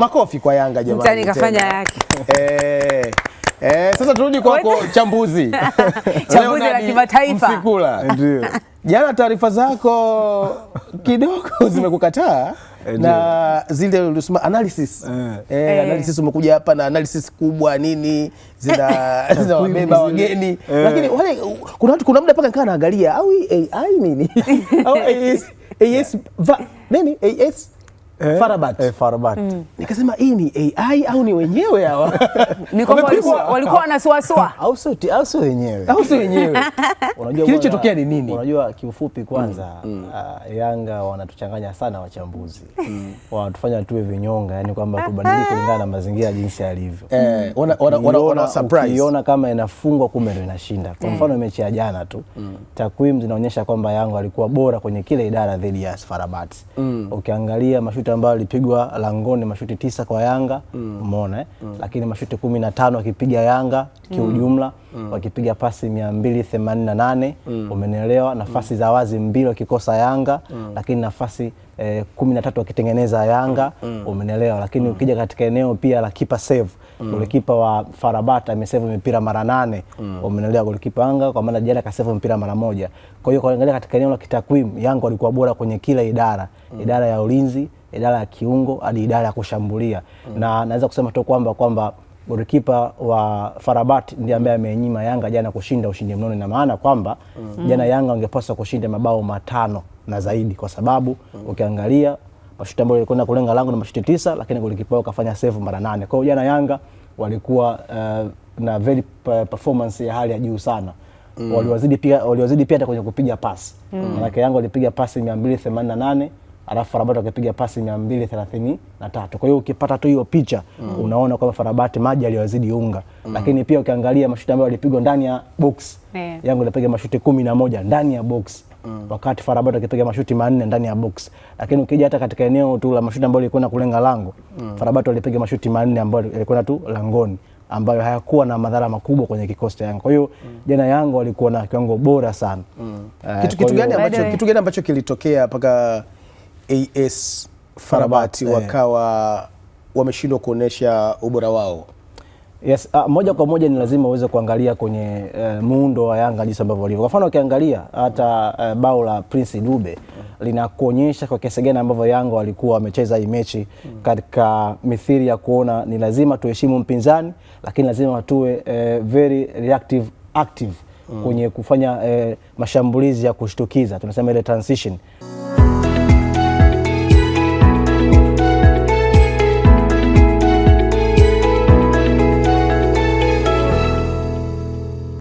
Makofi kwa Yanga jamani. Mtani kafanya yake. Eh. Eh, sasa turudi kwako chambuzi. Chambuzi la kimataifa. Msikula. Ndio. Jana taarifa zako kidogo zimekukataa eh, na zile ulisema analysis. Eh. Eh, eh, analysis umekuja hapa na analysis kubwa nini zina zinawabeba wageni. Lakini wale kuna watu kuna muda paka nikaa naangalia au AI nini? Au AS nini? AS Eh, Farabat. Eh, Farabat. Mm. Nikasema hii ni AI au ni wenyewe hawa? Ni kwamba walikuwa wanasuasua. Au sio au sio wenyewe. Au sio wenyewe. Unajua kilichotokea ni nini? Unajua kiufupi kwanza mm. mm. Uh, Yanga wanatuchanganya sana wachambuzi. Mm. Wanatufanya tuwe vinyonga, yani kwamba kubadili kulingana na mazingira jinsi yalivyo. Eh, mm. wana wana, surprise. Ukiona kama inafungwa kumbe ndio inashinda. Kwa mm. mfano mm. mechi ya jana tu. Mm. Takwimu zinaonyesha kwamba Yanga walikuwa bora kwenye kile idara dhidi ya Farabat. Mm. Ukiangalia mashuti mashuti ambayo alipigwa langoni, mashuti tisa kwa Yanga mm. umeona eh? mm. lakini mashuti kumi na tano akipiga Yanga mm. kiujumla mm. wakipiga pasi mia mbili themanini na nane mm. umenielewa, nafasi mm. za wazi mbili wakikosa Yanga mm. lakini nafasi eh, kumi na tatu wakitengeneza Yanga mm. mm. umenielewa, lakini mm. ukija katika eneo pia la kipa save mm. golikipa wa Farabata amesave mipira mara nane mm. umenielewa, golikipa Yanga kwa maana jana kasave mpira mara moja. Kwa hiyo kuangalia katika eneo la kitakwimu, Yanga walikuwa bora kwenye kila idara mm. idara ya ulinzi idara ya kiungo hadi idara ya kushambulia mm. na naweza kusema tu kwamba kwamba golikipa wa Farabat ndiye ambaye amenyima Yanga jana kushinda ushindi mnono. na maana kwamba mm. jana Yanga wangepaswa kushinda mabao matano na zaidi, kwa sababu mm. ukiangalia mashuti ambayo ilikwenda kulenga lango na mashuti tisa, lakini golikipa wao kafanya save mara nane. Kwa hiyo jana Yanga walikuwa uh, na very eh, performance ya hali ya juu sana mm. waliwazidi pia waliwazidi pia hata kwenye kupiga pasi mm. maana Yanga walipiga pasi 288 alafu Farabati akapiga pasi mia mbili thelathini na tatu. Kwa hiyo ukipata tu hiyo picha mm. unaona kwamba Farabati maji aliwazidi unga mm. lakini pia ukiangalia mashuti ambayo alipigwa ndani ya box yeah. Yangu alipiga mashuti kumi na moja ndani ya box mm. wakati Farabati akipiga mashuti manne ndani ya box, lakini ukija hata katika eneo tu la mashuti ambayo lilikwenda kulenga lango mm. Farabati alipiga mashuti manne ambayo ilikuwa tu langoni ambayo hayakuwa na madhara makubwa kwenye kikosi cha Yanga. Kwa hiyo mm. jana Yanga walikuwa na kiwango bora sana mm. uh, kitu, kitu gani ambacho, kitu gani ambacho kilitokea mpaka AS Farabati eh. wakawa wameshindwa kuonyesha ubora wao. Yes, uh, moja kwa moja ni lazima uweze kuangalia kwenye uh, muundo wa Yanga jinsi ambavyo walivyo. Kwa mfano ukiangalia hata uh, bao la Prince Dube linakuonyesha kwa kiasi gani ambavyo Yanga walikuwa wamecheza hii mechi mm. katika mithiri ya kuona ni lazima tuheshimu mpinzani, lakini lazima tuwe uh, very reactive active mm. kwenye kufanya uh, mashambulizi ya kushtukiza tunasema ile transition